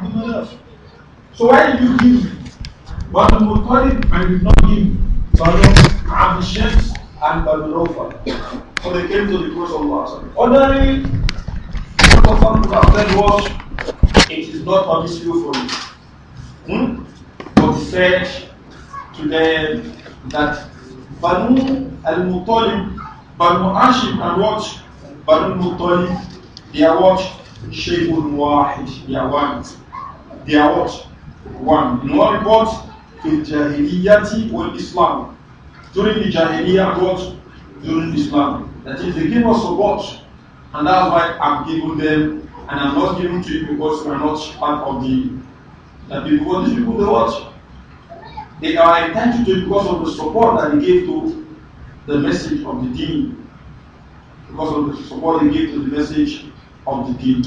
from anyone else. So why did you give Banu Muttalib and did not give Banu Abi Shams and Banu Nawfal? So they came to the Prophet Allah. Ordinarily, what Prophet said was, it is not permissible for you. Hmm? But he said to them that Banu al-Muttalib, Banu Ashim and what? Banu al-Muttalib, they are what? Shaykhun Wahid, they are one. They are what? One. In what report? Fil Jahiliyyati wal Islam. During the Jahiliyyah, what? During Islam. That is, they gave us support. And that's why I'm giving them and I'm not giving to you because we are not part of the, the people. But these people, they what? They are entitled to it because of the support that they gave to the message of the deen. Because of the support they gave to the message of the deen.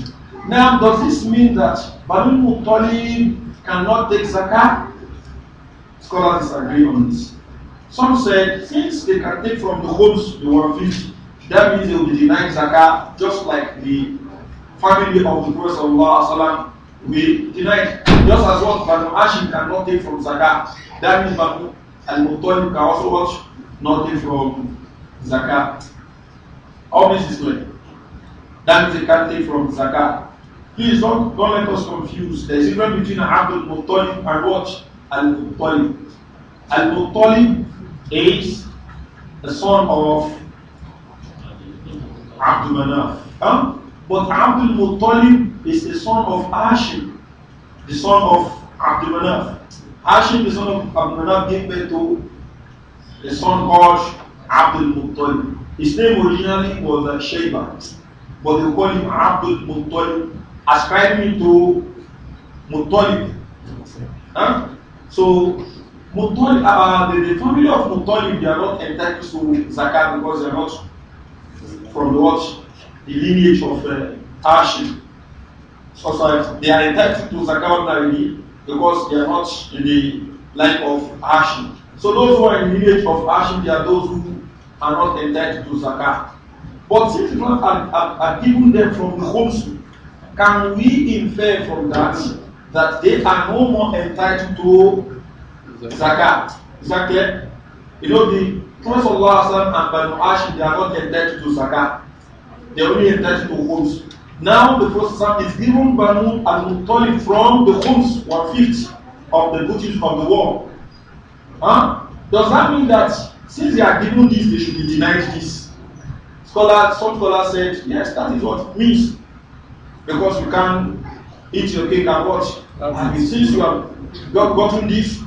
Now, does this mean that Banu Mutali cannot take zakah? Scholars disagree on this. Some said since they can take from the homes they were filled, that means they will be denied zakah just like the family of the Prophet Sallallahu we denied. Just as what Banu Hashim cannot take from zakah, that means Banu al Mutali can also watch nothing from zakah. All this is clear. That means they can take from zakah. Please don't, don't let us confuse. There's a difference between Abdul Muttalib and what? Al Muttalib. Al Muttalib is the son of Abdul Manaf. Huh? But Abdul Muttalib is the son of Ashim, the son of Abdul Manaf. Ashim, the son of Abdul Manaf, gave birth to the son called Abdul Muttalib. His name originally was Sheba, but they call him Abdul Muttalib ascribing to Muttalib. Huh? So Muttalib, uh, uh, the, the family of Muttalib, they are not entitled to zakat because they are not from the what the lineage of uh, So society. They are entitled to zakat ordinarily because they are not in the line of Ashi. So those who are in the lineage of Ashi, they are those who are not entitled to zakat. But since you has uh, uh, given them from the homes Can we infer from that that they are no more entitled to zakat? Is that clear? You know, the Prophet and Banu Ashim, they are not entitled to zakat. They are only entitled to homes. Now the Prophet is giving Banu al-Muttalib from the homes, one-fifth of the booty of the world. Huh? Does that mean that since they are given this, they should be denied this? Scholar, some scholar said, yes, that is what it means. because you can eat your cake and watch. And since you have gotten this,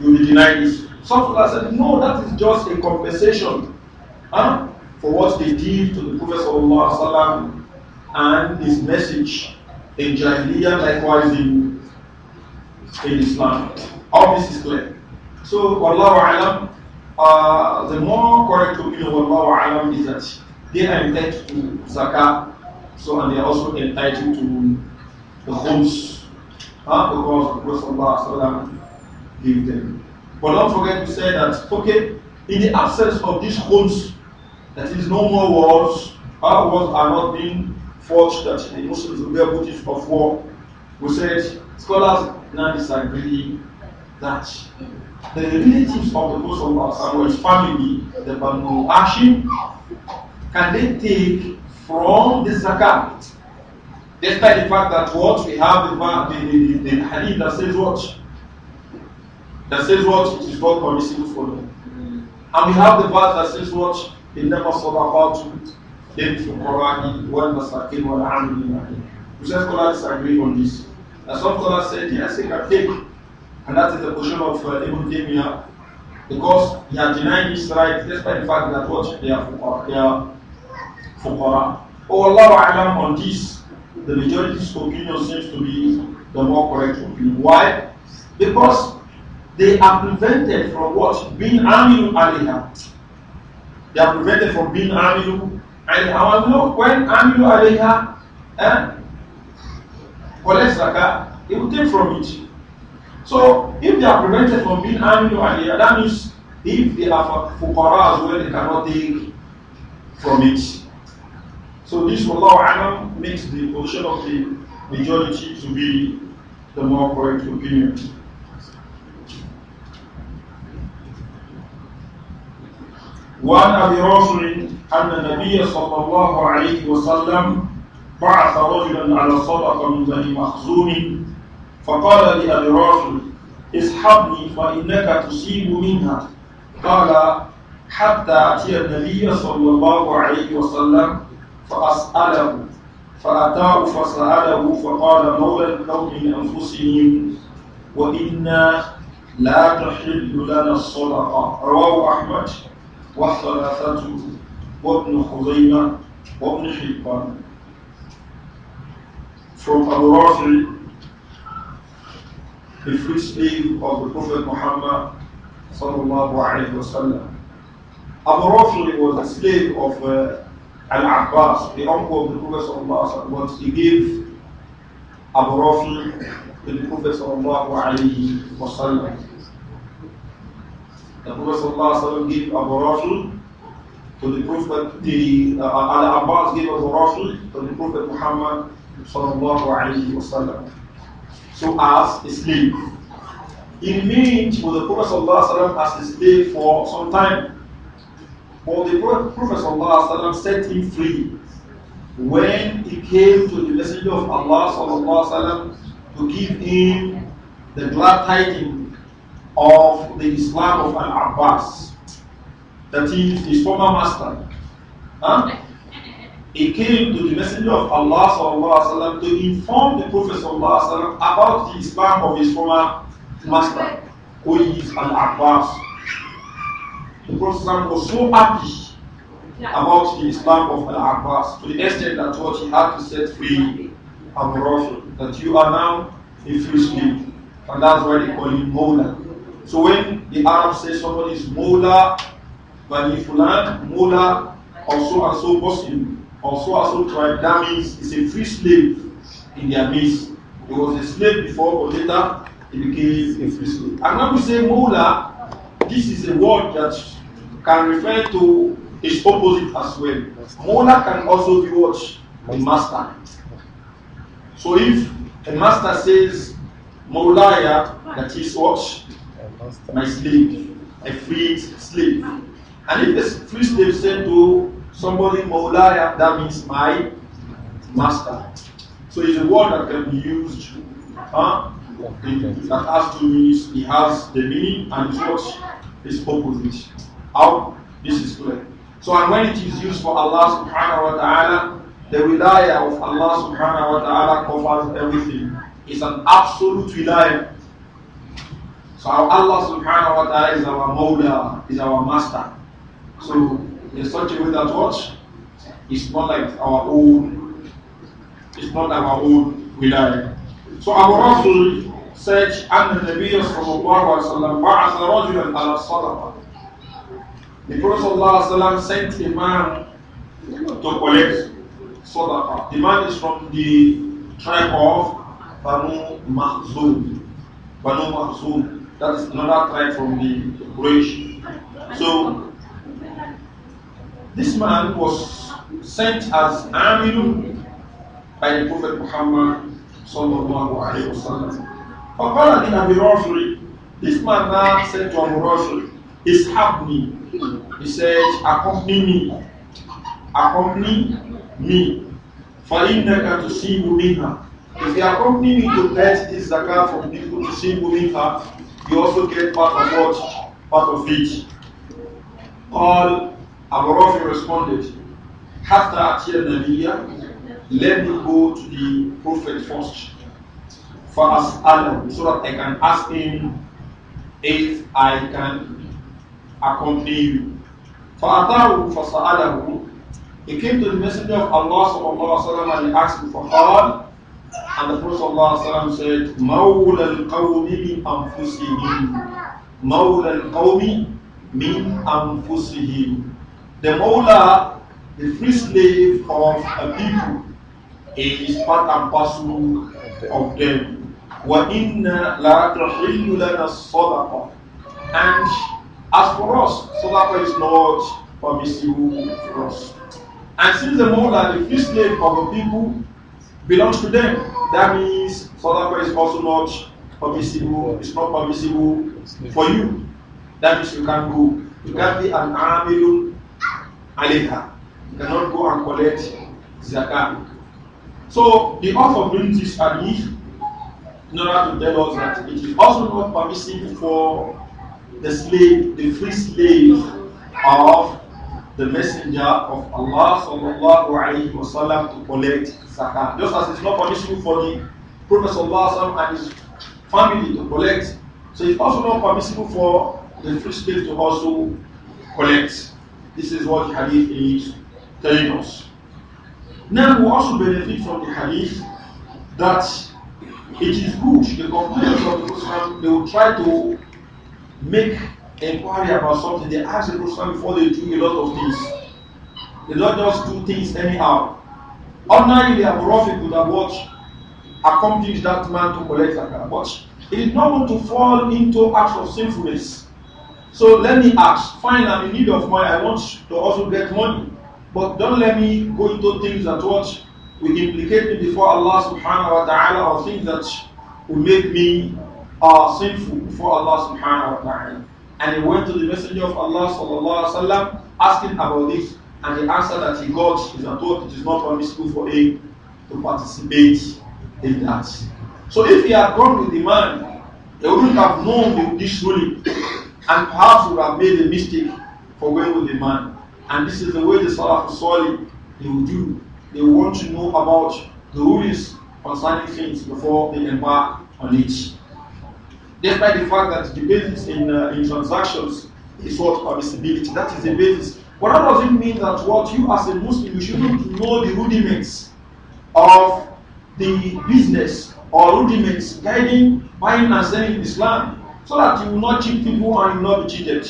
you will deny this. Some people said, no, that is just a compensation huh, for what they did to the Prophet sallam, and his message in Jahiliyyah, likewise in, in Islam. All this is clear. So, Wallahu Alam, uh, the more correct opinion of Wallahu Alam is that they are entitled to zakah So, and they are also entitled to the homes huh? because the of Prophet Sallallahu gave them. But don't forget to say that, okay, in the absence of these homes, that is no more wars, our wars are not being forged that the Muslims will be able to of war. We said scholars now disagree that the relatives of the Muslim and his family, the Banu Hashim, can they take from this zakat. Despite the fact that what we have the, the, the, the hadith that says what? That says what? It is not permissible for them. And we have the verse that says what? never saw about them from إنما الصدقات للفقراء والمساكين والعاملين عليه. Who says scholars disagree on this. And some scholars said yes, they can take, and that is the position of uh, Ibn Taymiyyah, because he had denied this right despite the fact that what they are, they are fuqara. Wallahu alam on this, the majority's opinion seems to be the more correct opinion. Why? Because they are prevented from what? Being Aminu Aliha. They are prevented from being Aminu And our know when Aminu Aliha eh, collects Zakah, he will take from it. So if they are prevented from being Aminu Aliha, that means if they are fukara as well, they cannot take from it. So this Wallahu Alam makes the position of the majority to be the more correct opinion. وعن ابي رافع ان النبي صلى الله عليه وسلم بعث رجلا على صدقه من بني مخزوم فقال لابي رافع اسحبني فانك تصيب منها قال حتى اتي النبي صلى الله عليه وسلم فأسأله فأتاه فسأله فقال مولى الكون من أنفسهم وإنا لا تحل لنا الصدقة رواه أحمد والثلاثة وابن خزيمة وابن حبان from Abu Rafi the free slave of the Prophet Muhammad sallallahu الله عليه وسلم Abu Rafi was a slave of uh, Al Abbas, the uncle of the Prophet, but he gave Abu Rafi to the Prophet. The Prophet gave Abu Rafi to the Prophet, the, uh, Al Abbas gave Abu Rafi to the Prophet Muhammad. So as a slave. It means for the Prophet as a slave for some time. Or the Prophet ﷺ set him free when he came to the Messenger of Allah وسلم, to give him the glad tidings of the Islam of Al Abbas, that is his former master. Huh? He came to the Messenger of Allah وسلم, to inform the Prophet وسلم, about the Islam of his former master, who is Al Abbas. the Prophet was so happy about his Islam of Al-Abbas to the extent that what he had to set free Abu Rafi, that you are now a free slave. And that's why they call him Mola. So when the Arabs say somebody is Mola, Bani Fulan, Mola, or so and so Muslim, or so and so tribe, that means he's a free slave in their midst. He was a slave before, but later he became a free slave. And when we say Mola, this is a word that can refer to its opposite as well. Mona can also be watched The master. So if a master says, Maulaya, that is watched My slave. A free slave. And if a free slave said to somebody, Maulaya, that means my master. So it's a word that can be used huh, completed. That has two meanings. It has the meaning and it's what is opposition How this is clear. So and when it is used for Allah subhanahu wa ta'ala, the wilayah of Allah subhanahu wa ta'ala covers everything. It's an absolute wilayah. So Allah subhanahu wa ta'ala is our mawla, is our master. So in such a way that what? It's not like our own, it's not like our own wilayah. So our Rasul said, "And the Nabi sallallahu alaihi wasallam ala sadaqa." The Prophet sallallahu alaihi wasallam sent a man to collect sadaqa. The man is from the tribe of Banu Mahzum. Banu Mahzum. is another tribe from the Quraysh. So this man was sent as Aminu by the Prophet Muhammad صلى الله عليه وسلم. Fakala in Abi Rafi. This man now said to Abu Rafi, It's happening. He says, Accompany me. Accompany me. For him, فَإِنَّكَ تُسِيبُ مِنْهَا If you accompany me to get this zakat from people to see minha, you also get part of what? Part of it. All Abu Rafi responded, حَتَّى أَتِيَ النَّبِيَّ Let me go to the Prophet first. فَأَسْأَلَهُ So that I can ask him if I can accompany you. فَأَتَاهُ فَسَأَلَهُ He came to the messenger of Allah وسلم, and he asked him for help. And the Prophet وسلم, said, al-qawmi min مِنْ Maul al-qawmi min أَنفُسِهِمْ The maula, the free slave of a people, is part and parcel of them. Wa inna la tuhillu lana And as for us, sadaqa is not permissible for us. And since the more that the free slave of the people belongs to them, that means sadaqa is also not permissible, it's not permissible for you. That means you can go. You can be an amilun alayha. You cannot go and collect zakat. So the oath of doing this hadith in order to tell us that it is also not permissible for the slave, the free slave of the messenger of Allah sallallahu alayhi wasallam to collect zakah. Just as it's not permissible for the Prophet sallallahu and his family to collect, so it's also not permissible for the free slave to also collect. This is what the hadith is telling us. Now we also benefit from the hadith that it is good. The companions of the they will try to make inquiry about something. They ask the Prophet before they do a lot of things. They don't just do things anyhow. Ordinarily, Abu Rafi could have watched, accomplished that man to collect zakat, but he did not want to fall into acts of sinfulness. So let me ask, fine, I'm in need of money, I want to also get money, but don't let me go into things that watch. We implicate me before Allah subhanahu wa ta'ala or things that will make me uh, sinful before Allah subhanahu wa ta'ala. And he went to the messenger of Allah sallallahu alaihi wasallam asking about this and the answer that he got is that it is not permissible for him to participate in that. So if he had gone with the man, he wouldn't have known this ruling and perhaps would have made a mistake for going with the man. And this is the way the Salaf Sali they would do they want to know about the rules concerning things before they embark on it. Despite the fact that the basis in, uh, in transactions is what permissibility, that is the basis. But that doesn't mean that what you as a Muslim, you shouldn't know the rudiments of the business or rudiments guiding buying and selling in Islam so that you will not cheat people and you will not be cheated.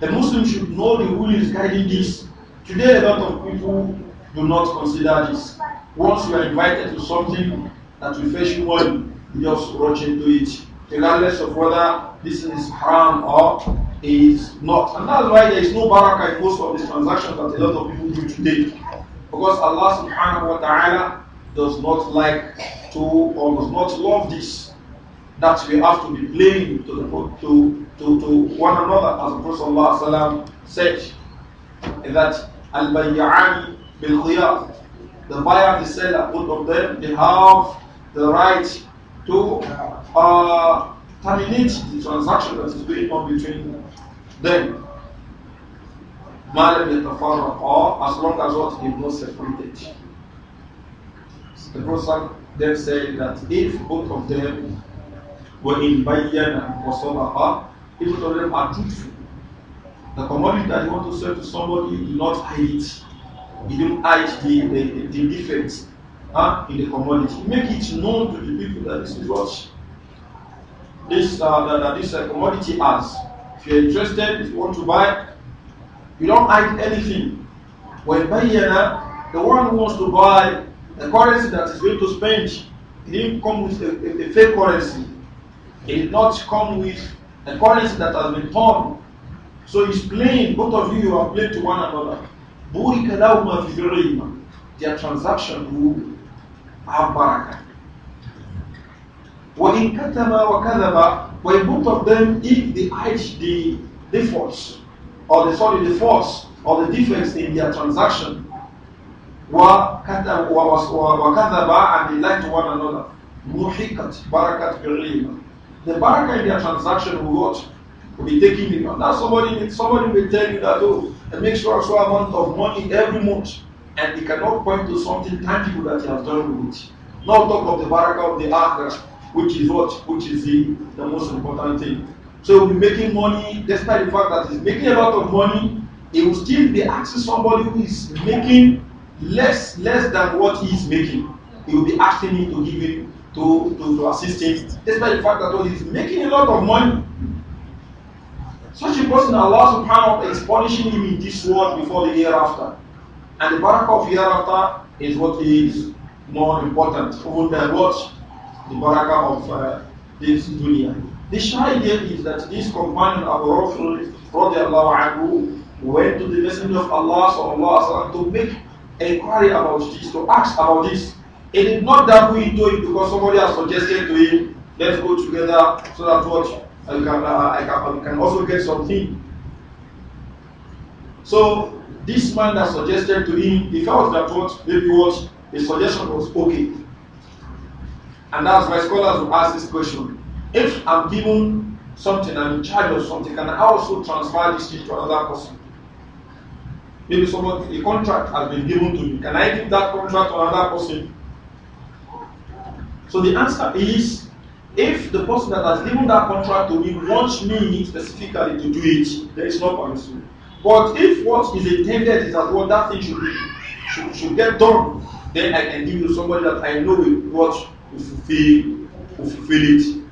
The Muslim should know the rules guiding this. Today, a lot of people do not consider this. Once you are invited to something that will fetch you money, you just rush into it, regardless of whether this is haram or is not. And that's why there is no barakah in most of these transactions that a lot of people do today. Because Allah subhanahu wa ta'ala does not like to or does not love this. That we have to be playing to, the, to, to, to one another, as the Prophet said, that al-bayyani بالخيار the buyer and the seller both of them they have the right to uh, terminate the transaction that is going on between them malam yatafarraqa as long as what they not separated the Prophet then said that if both of them were in bayyan or if both of them are truthful the commodity that you want to sell to somebody, do not hide it you don't hide the, the, the, the in the commodity. Make it known to the people that this is what this uh, that, that this uh, commodity has. If you're interested, if you want to buy, you don't hide anything. When Bayana, the one who wants to buy a currency that is going to spend, it didn't come with a, a, a fake currency. It did not come with a currency that has been torn. So it's plain, both of you are plain to one another. بورك لهما في برهما their transaction will have barakah وإن كتب وكذب when both of them if the hide the defaults or the sorry the force or the difference in their transaction Wa wa wa وكذب and they lie to one another محيكت بركة برهما the barakah in their transaction will what? Will be taking taken in. Now somebody somebody will tell you that oh makes also amount of money every month, and he cannot point to something tangible that he has done with it. Now talk of the baraka of the akhirah, which is what? Which is the, the most important thing. So he'll be making money, despite the fact that he's making a lot of money, he will still be asking somebody who is making less less than what he is making. He will be asking him to give him to, to, to assist him, despite the fact that he's making a lot of money. Such a person, Allah subhanahu wa ta'ala is punishing him in this world before the hereafter. And the barakah of hereafter is what is more important, even than what the barakah of uh, this dunya. The idea is that this companion Abu Raful anhu, went to the Messenger of Allah sallallahu to make inquiry about this, to ask about this. It is not not we do it because somebody has suggested to him, let's go together so that what you can, uh, I can, um, can also get something. So this man that suggested to him, he felt that what maybe what his suggestion was okay. And that's why scholars will ask this question. If I'm given something, I'm in charge of something, can I also transfer this thing to another person? Maybe someone a contract has been given to me. Can I give that contract to another person? So the answer is if the person that has given that contract to me wants me specifically to do it, then it's not But if what is intended is that what that thing should, should, should get done, then I can give you somebody that I know will what will fulfill, will fulfill it.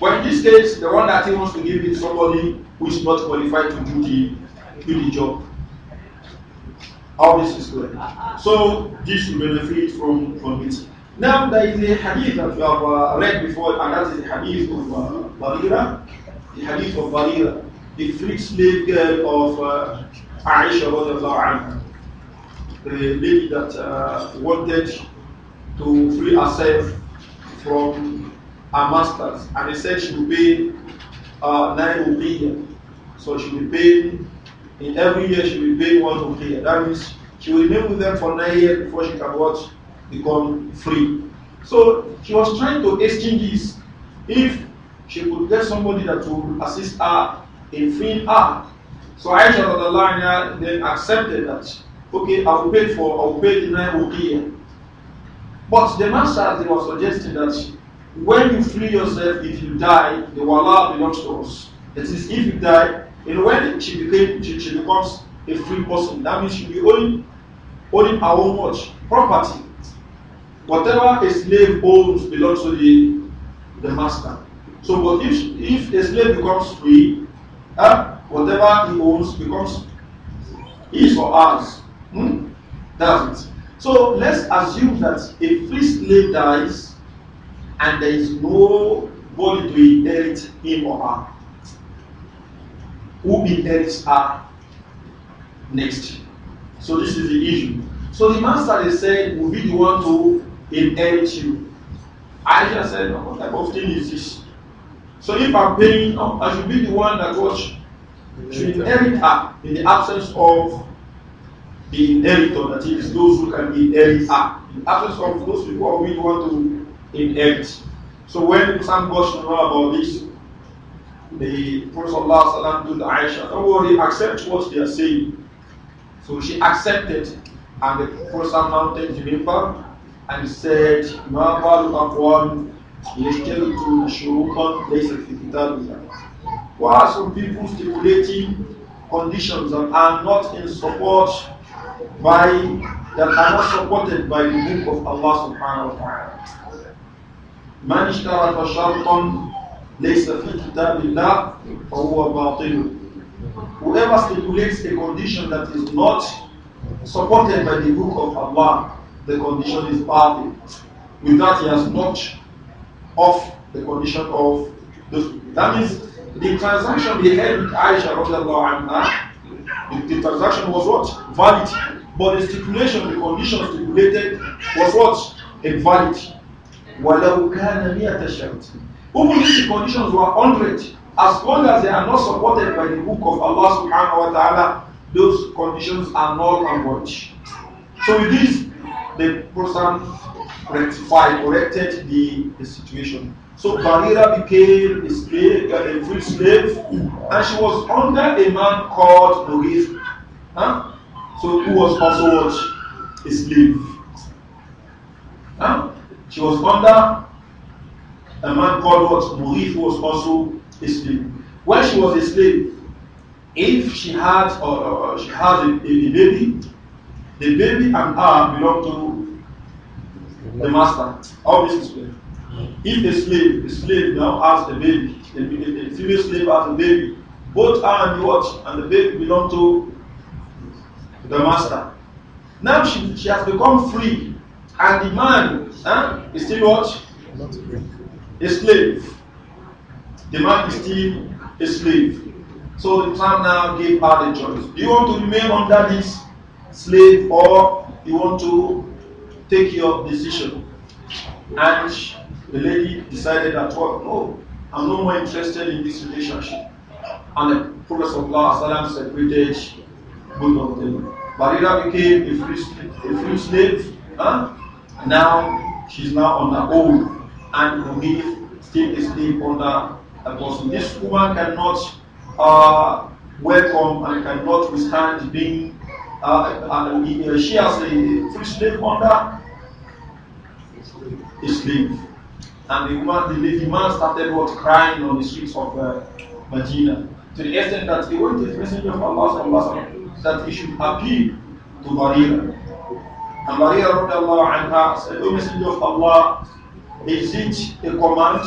But in this case, the one that he wants to give is somebody who is not qualified to do the, do the job. How this is going. So this will benefit from, from it. Now there is a hadith that we have uh, read before, and that is the hadith of uh, Barira, the hadith of Barira, the freed slave girl of uh, Aisha anha, the lady that uh, wanted to free herself from her masters, and they said she would pay uh, nine rupiah. So she would pay in every year she will pay one rupiah. That means she will remain with them for nine years before she can watch become free. So she was trying to exchange this. If she could get somebody that would assist her in freeing her. So Aisha Radallahu then accepted that, okay, I will pay for, I will pay the 9 But the master they were suggesting that when you free yourself, if you die, the wala belongs to us. That is, if you die, and when she became she, she becomes a free person, that means she'll be owning owning our own much property. Whatever a slave owns belongs to the, the master. So, but if, if a slave becomes free, uh, whatever he owns becomes his or ours. Hmm? That's it. So let's assume that a free slave dies and there is no nobody to inherit him or her. Who inherits her next? So this is the issue. So the master they said will be the one to he'll edit you. Aisha said, oh, What type of thing is this? So if I'm paying, oh, I should be the one that watch, should inherit her in the absence of the inheritor, that is, those who can inherit her. In the absence of those people who we want to inherit. So when Sam Gosh know about this, the Prophet ﷺ told Aisha, don't worry, accept what they are saying. So she accepted, and the Prophet mounted the and said, ما بال أقوام يشترطون شروطا ليست في كتاب الله. Why are some people stipulating conditions that are not in support by that are not supported by the book of Allah subhanahu wa ta'ala? Man من اشترط شرطا ليس في كتاب الله فهو باطل. Whoever stipulates a condition that is not supported by the book of Allah the condition is perfect. With that, he has knocked off the condition of those That means the transaction he had with Aisha, anha, the, transaction was what? Valid. But the stipulation, the condition stipulated was what? Invalid. وَلَوْ كَانَ مِيَةَ شَرْطٍ Even if the conditions were 100, as long as they are not supported by the book of Allah subhanahu wa ta'ala, those conditions are null and void. So with this, the person rectified, corrected the, the situation. So Barira became a slave, a free slave, and she was under a man called Maurice. huh? so who was also a slave. Huh? She was under a man called what? Maurice was also a slave. When she was a slave, if she had, uh, uh, uh she had a, a baby, the baby and her belong to the master. All this is clear. If a slave, a slave now has a baby, a, a female slave has a baby, both her and the watch and the baby belong to the master. Now she, she has become free, and the man eh, is still what? A slave. The man is still a slave. So the time now gave her the choice. Do you want to remain under this slave or you want to take your decision. And the lady decided that, well, no, I'm no more interested in this relationship. And the Prophet of Allah separated both of them. Barira became a free, a free slave. Huh? Now she's now on her own. And Hunif still a slave under a person. This woman cannot uh, welcome and cannot withstand being uh, she has a free slave under his slave. And the woman, the lady man started what crying on the streets of uh, Medina to the extent that he went to the messenger of Allah وسلم, that he should appeal to Maria, And Barira anha, said, O messenger of Allah, is it a command?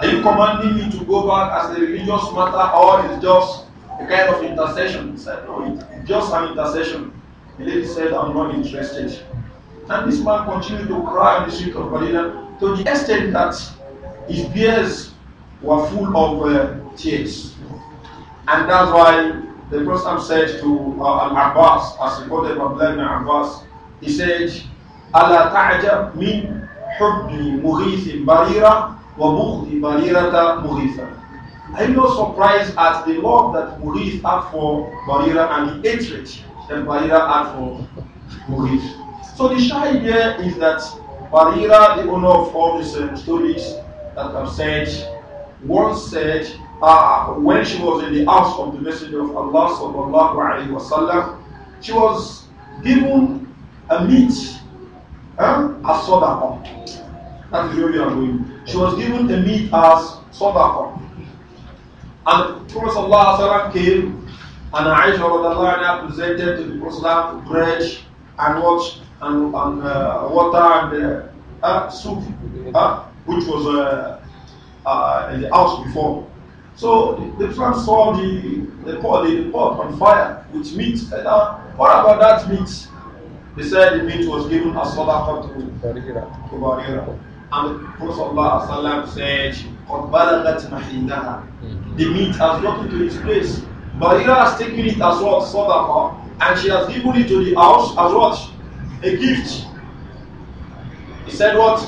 Are you commanding me to go back as a religious matter or is just a kind of intercession? He said, No, just an intercession. The lady said, I'm not interested. And this man continued to cry on the street of Medina to the extent that his beers were full of uh, tears. And that's why the Prophet said to uh, Al-Abbas, as reported by Abdullah ibn Abbas, he said, min تَعْجَبْ مِنْ barira wa بَرِيرًا وَبُغْضِ ta مُغِيثًا I'm not surprised at the love that Murid had for Barira and the hatred that Barira had for Murid. So the shy idea is that Barira, the owner of all these uh, stories that I've said, once said uh, when she was in the house of the Messenger of Allah sallallahu alaihi wasallam, she was given a meat, huh? as sadaqah. That is where we are going. She was given a meat as sadaqah. And the Prophet ﷺ came and Aisha presented to the Prophet bread and what and, and uh, water and uh uh, uh, uh, soup, which was in the house before. So the, the Prophet saw the, the, pot, the, the pot on fire with meat. And, what about that meat? They said the meat was given as sadaqah to Barira. And the Prophet said, Balagat mm-hmm. The meat has gotten to its place. Barira has taken it as what? Sadaqah. And she has given it to the house as what? A gift. He said what?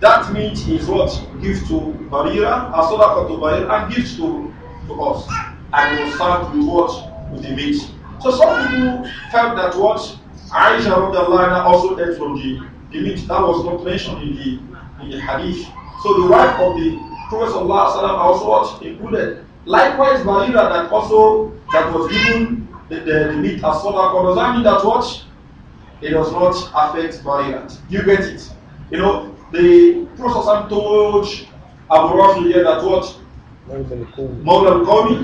That meat is what? Gift to Barira, a sadaqah to Barira, and gift to, to us. And will start with what? With the meat. So some people felt that what? Aisha also ate from the limit. That was not mentioned in the, in the hadith. So the wife of the Prophet also was included. Likewise, Barira that also that was given the, the, the meat as sadaqah. Does that mean that what? It does not affect Barira. You get it? You know, the Prophet told Abu Rafi that what? Mawla al-Qawmi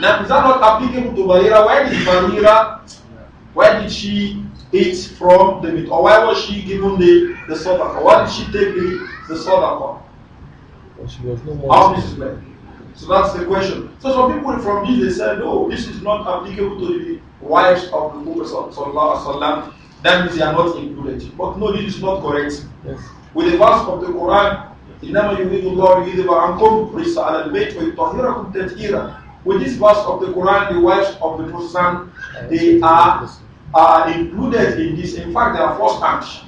Now, is that not applicable to Barira? Why did Barira, why did she it from the meat? Or why was she given the, the sadaqah? Why did she take the, the sadaqah? Well, she was no more. How this like? So that's the question. So some people from this they said, no, this is not applicable to the wives of the Prophet Allah alaihi wasallam. That means they are not included. But no, this is not correct. Yes. With the verse of the Quran, إنما يريد الله ليذهب عنكم رجس على wa ويطهركم تطهيرا. With this verse of the Quran, the wives of the Prophet they are are included in this. In fact, they are first branch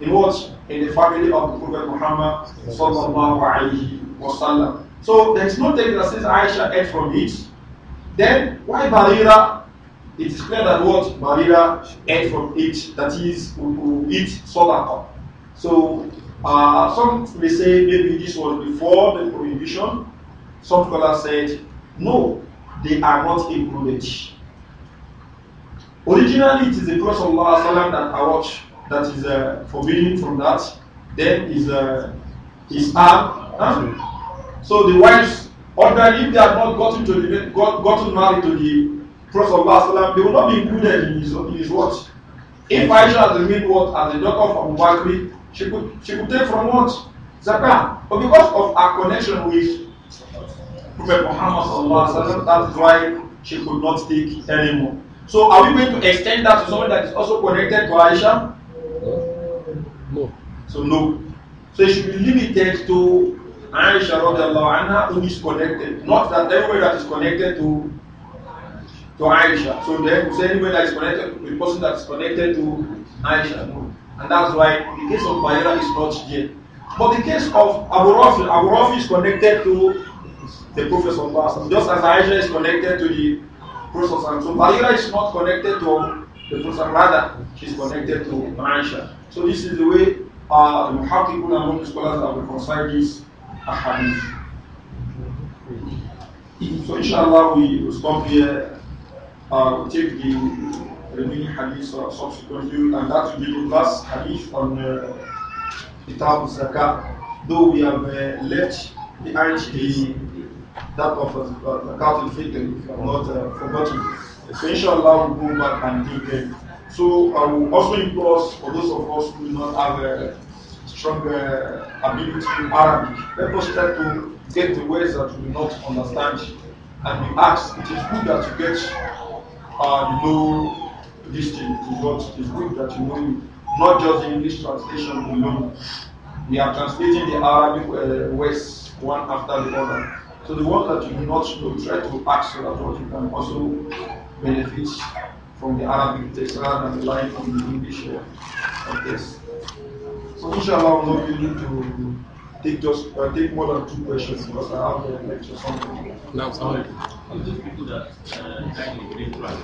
in what? In the family of the Prophet Muhammad So there is no text that says Aisha ate from it. Then why Barira? It is clear that what Barira ate from it, that is, who eat sadaqa. So uh, some may say maybe this was before the prohibition. Some scholars said no, they are not included. Originally, it is the cross of Allah Sallam that I that is uh, forbidden from that. Then is uh, is arm. Huh? So the wives, ordinarily, if they have not gotten to the got, gotten married to the cross of Allah, they will not be included in his, in his watch. If Aisha had remained what as the daughter of Abu Bakr, she could she could take from what zakah, but because of her connection with Prophet Muhammad sallallahu alaihi wasallam, that's why she could not take anymore. So are we going to extend that to someone that is also connected to Aisha? No. So no. So it should be limited to Aisha anha who is connected. Not that everybody that is connected to to Aisha. So then we say anybody that is connected to the person that is connected to Aisha. No. And that's why the case of Bayra is not yet. But the case of Abu Rafi, Abu Rafi is connected to the Prophet of Allah, just as Aisha is connected to the Prophet. So Barira is not connected to the Prophet, rather, she's connected to Aisha. So this is the way uh, the Muhakkikun among the scholars have reconciled this hadith. So inshallah we will stop here, uh, we take the remaining hadith subsequent subsequently, and that will be the last hadith on uh, Kitab Zakat, though we have uh, left the the that of a cattle feeding, if I'm not uh, forgotten. So will go back and do them. So I uh, will also implore for those of us who do not have a strong uh, ability in Arabic, let us try to get the words that we do not understand. And we ask, it is good that you get, uh, you know, this thing to God. It is good that you know not just the English translation alone. We are translating the Arabic uh, words one after the other. So the ones that you do not know, try to pack so that what you can also benefit from the Arabic text rather than relying on the English uh, text. So inshallah, we'll not be able to take just uh, take more than two questions because I have a lecture somewhere. No, sorry. For um, those people that uh, died in Great Plan,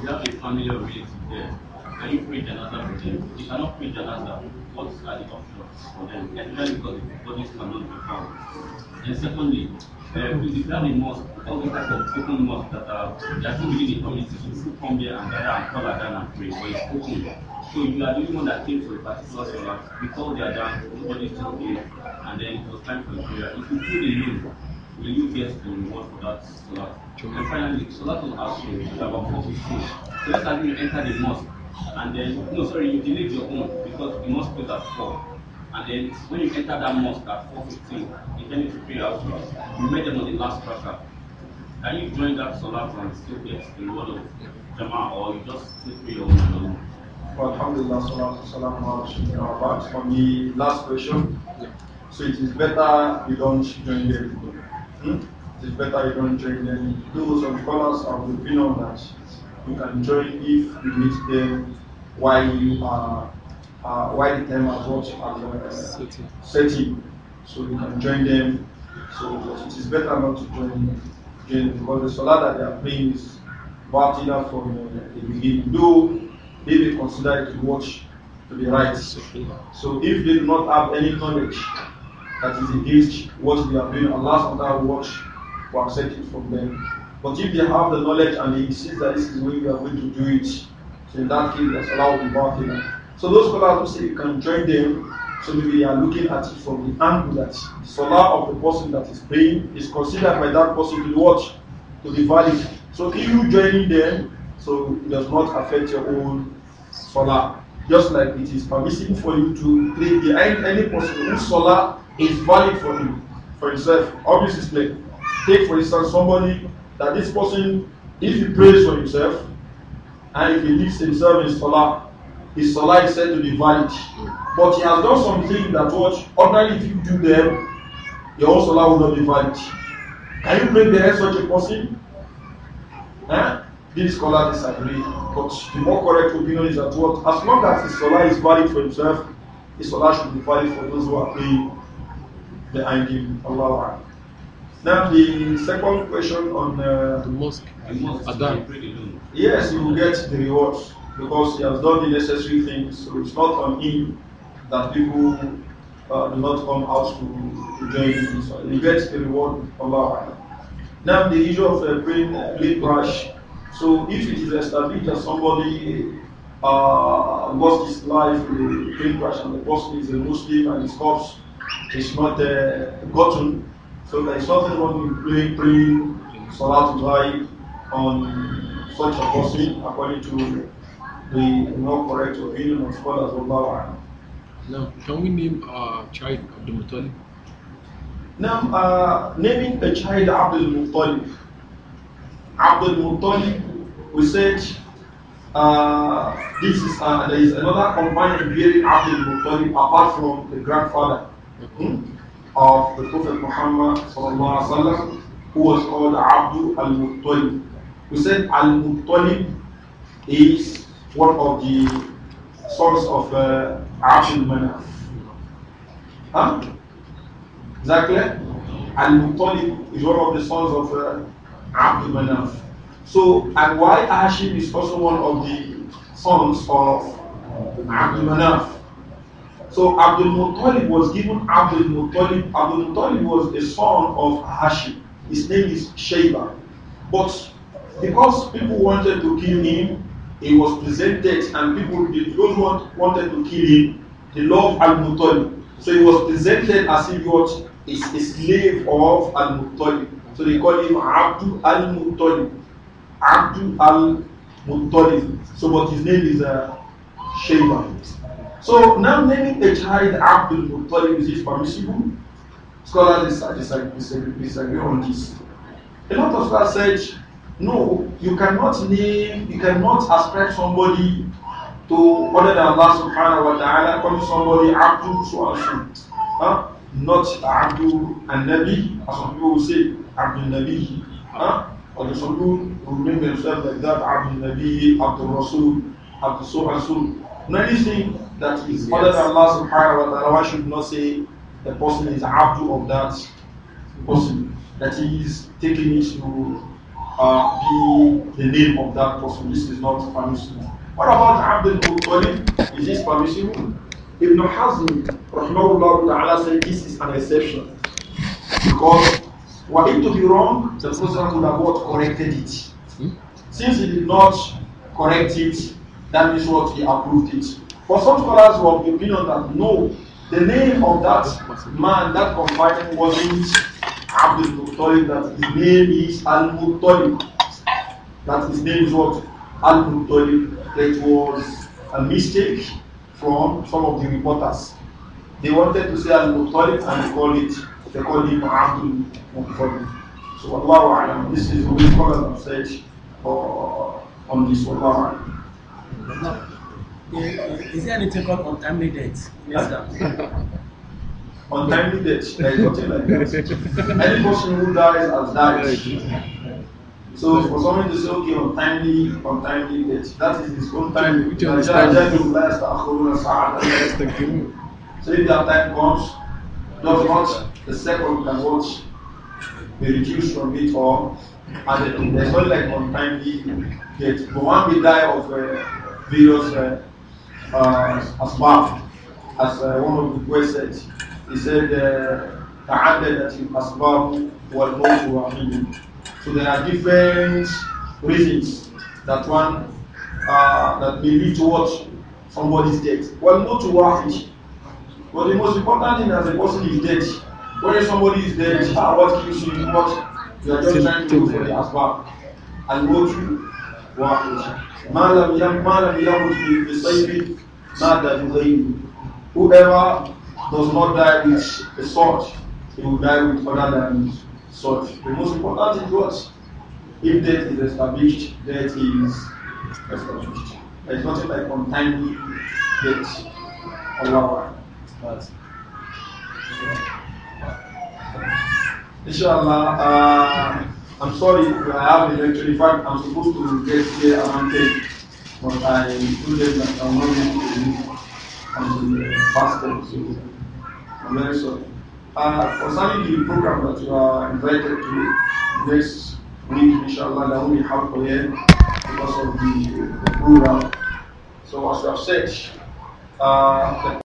you have a family relative there. Can you pray another for them? If you cannot pray another, what are the options for them? and then because the bodies cannot be found. And secondly, we declared a mosque, all the types of open mosque that are that people within the community should come here and gather and call down and pray, it's open. So you are the only one that came to a particular solar, we called their down, nobody took it, and then it was time for prayer. If you do the loan, will you get the reward for that solar? And finally, solar was asking about what we should. So let's assume you enter the mosque, and then, no, sorry, you delete your own because the mosque is at 4. And then when you enter that mosque at 4.15, intending to pray out to us, you met them on the last prayer. Can you join that salat and still get the reward of Jama'ah or you just still pray on your own? Well, alhamdulillah, salatu salam From the last question, so it is better you don't join them. Hmm? It is better you don't join them. Those some scholars of the opinion that you can join if you meet them while you are uh, while the time has what has uh, setting. So you can join them. So but it is better not to join them because the salah that they are playing is batida from uh, the beginning. Though they may consider it to watch to be right. So if they do not have any knowledge that is against what they are doing, Allah subhanahu wa ta'ala will accept it from them. But if they have the knowledge and they insist that this is the way we are going to do it, so in that case, the salah will be batida. So those scholars also say you can join them, so maybe they are looking at it from the angle that the salah of the person that is praying is considered by that person to be what? To be valid. So if you join them, so it does not affect your own salah. Just like it is permissible for you to pray behind any person whose salah is valid for you for yourself. Obviously, take for instance somebody that this person, if he prays for himself and if he leaves himself in salah, his salah is said to be valid. But he has done something that what ordinarily if you do them, your own salah will not be valid. Can you make the head such a person? Eh? These scholars disagree. But the more correct opinion is that what as long as his salah is valid for himself, his salah should be valid for those who are praying behind him. Allah. Now the second question on uh, the mosque. The mosque. Yes, you will get the rewards. because he has done the necessary things. So it's not on him that people uh, do not come out to, to join him. So he gets the reward of Allah. Now the issue of uh, brain uh, bleed rash. So if it is established that somebody uh, lost his life with brain rash and the person is a Muslim and his corpse is not uh, gotten, so there is nothing wrong with praying, praying Salat on such a person according to the no correct opinion of scholars of Allah. Now, can we name a uh, child Abdul Muttalib? Now, uh, naming a child Abdul Muttalib. Abdul Muttalib, we said uh, this is uh, there is another companion bearing Abdul Muttalib apart from the grandfather hmm, of the Prophet Muhammad who was called Abdul Al Muttalib. We said Al Muttalib is one of the sons of uh, Abdul Manaf. Huh? Exactly. And Muttalib is one of the sons of uh, Abdul Manaf. So, and why Hashim is also one of the sons of Abdul Manaf. So Abdul Muttalib was given Abdul Muttalib. Abdul Muttalib was a son of Hashim. His name is Sheba. But because people wanted to kill him, he was presented and people did those who wanted to kill him, they loved Al-Muttalib. So he was presented as if he was a slave of Al-Muttalib. So they call him Abdul Al-Muttalib. Abdul Al-Muttalib. So but his name is uh, Shayba. So now naming a child Abdul Muttalib, is it permissible? Scholars disagree, disagree on this. A lot of scholars said No, you cannot name, you cannot ascribe somebody to other than Allah subhanahu wa ta'ala, calling somebody Abdul so and so. Huh? Not Abdul and Nabi, as some people will say, Abdul Nabi. Huh? Or the people will name themselves like that, Abdul Nabi, Abdul Rasul, Abdul so and so. anything that is yes. other than Allah subhanahu wa ta'ala, one should not say the person is Abdul of that person, that he is taking it to uh, be the name of that person. This is not permissible. What about Abdul Muttalib? Is this permissible? Ibn Hazm, rahmahullah ta'ala, said this is an exception. Because were it to be wrong, the Prophet would have what corrected it. Hmm? Since he did not correct it, that means what he approved it. For some scholars who have the opinion that no, the name of that man, that companion, wasn't Abdul Muttalib that his name is Al Muttalib. That his name is what? Al Muttalib. That was a mistake from some of the reporters. They wanted to say Al Muttalib and they called it, they called him Abdul Muttalib. So, Allah this is what scholars have said uh, on this. Allah Is there anything take up on timely death? Yes, untimely death. There is nothing like that. Any person who dies has died. So for someone to say, okay, untimely, untimely death, that is his own time. so if that time comes, does not the second can watch be reduced from it or added to. There's not like untimely death. But one we die of uh, various uh, uh, as, well, as uh, one of the boys said. He said, تعددت الأسباب والموت وحيد. So there are different reasons that one uh, that may lead to what somebody's death. Well, to wahid. But the most important thing as a person is dead. When somebody is dead, uh, what kills you? What you are just trying to do for the asbab. And man man motu wahid. ما لم Not that مات بغيره. Whoever does not die with a sword, he will die with other than sword. The most important is what? If death is established, death is established. There is nothing like untimely death. Allah. Inshallah, uh, I'm sorry I have a lecture. In fact, I'm supposed to get here around 10, but I couldn't, I'm not able to leave until faster. So very sorry. Uh, concerning the program that you are invited to next week, inshallah, that will be halfway because of the, the program. So as you have said, uh,